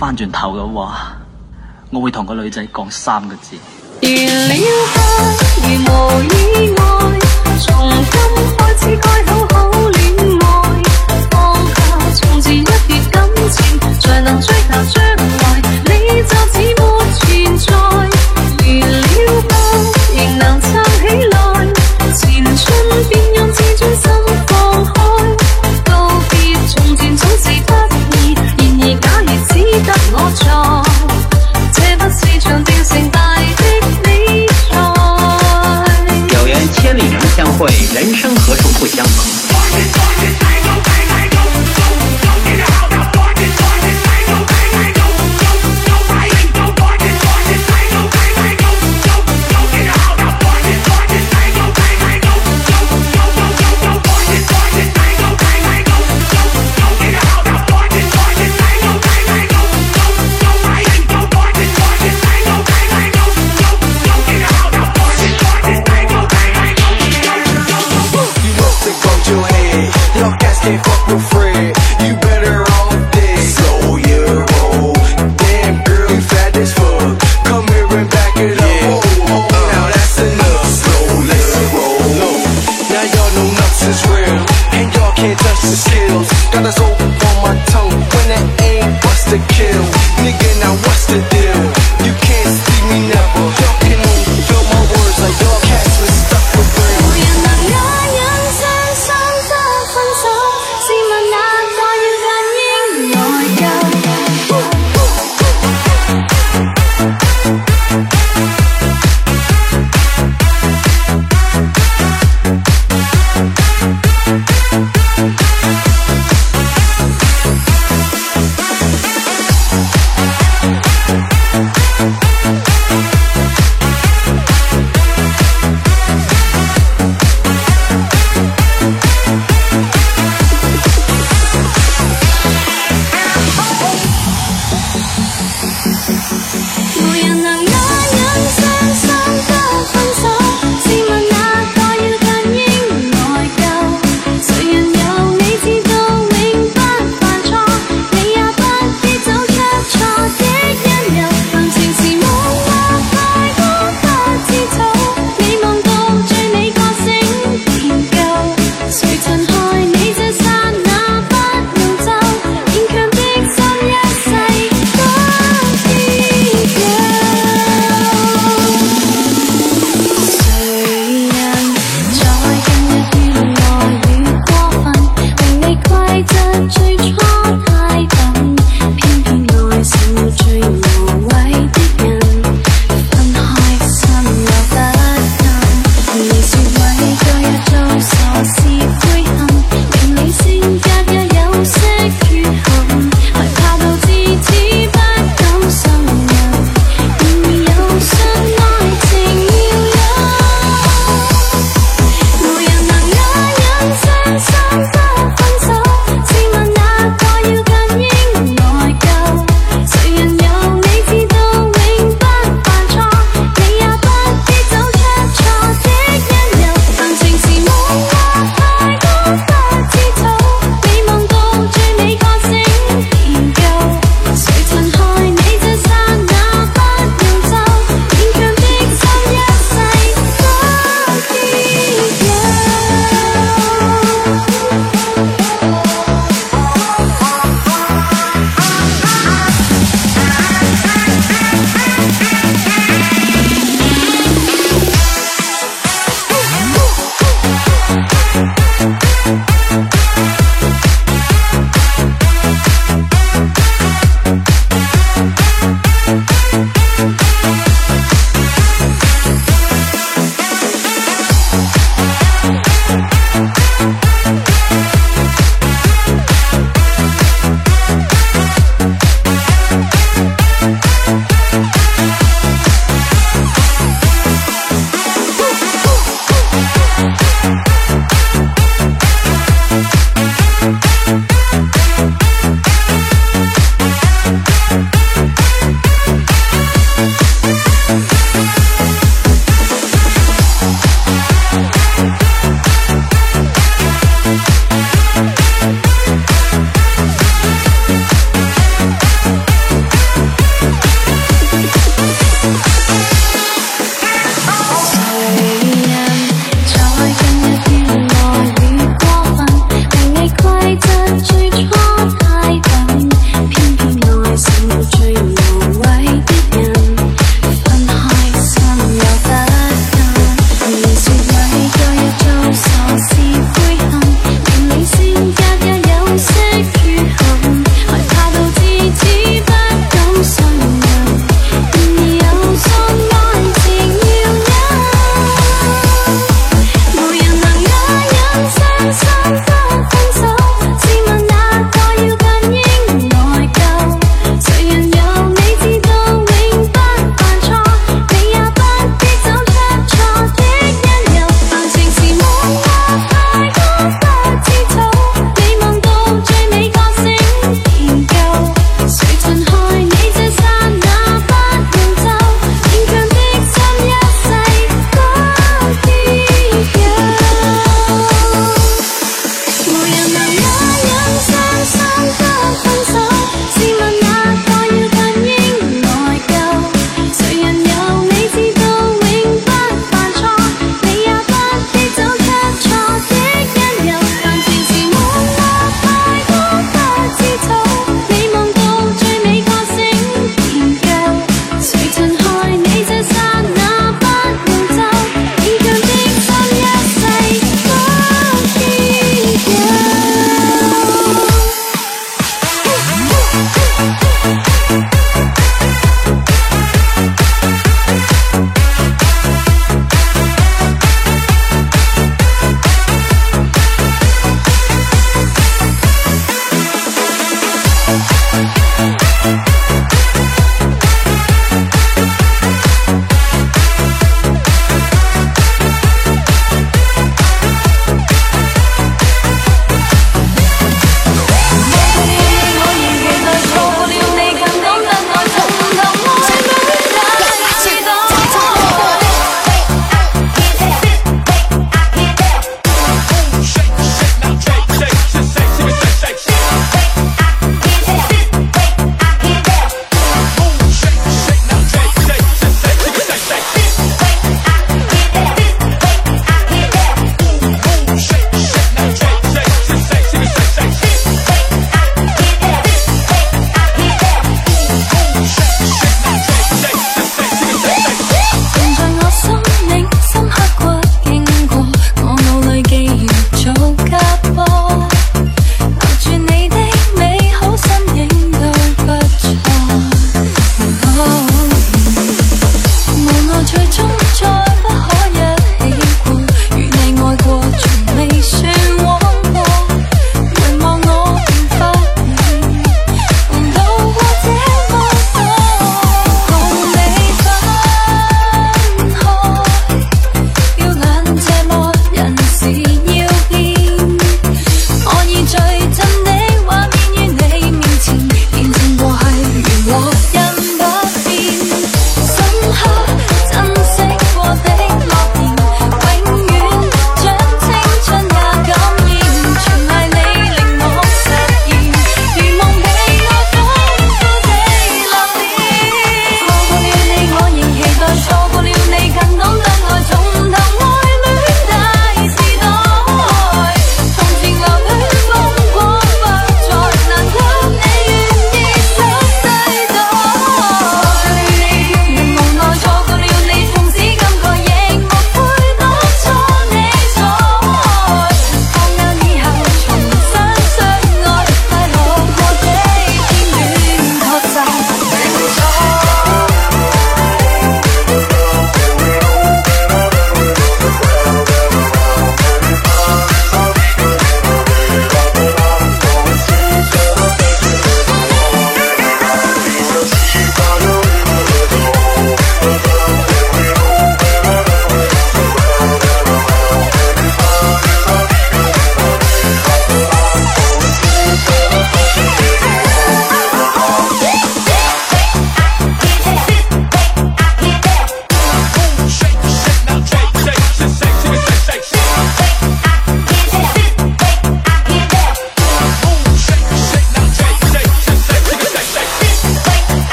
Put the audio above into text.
翻轉頭嘅話，我會同個女仔講三個字。如無意外，從從今開始該好好戀愛，放下從前一段感情，才能追追下人生何處不相逢。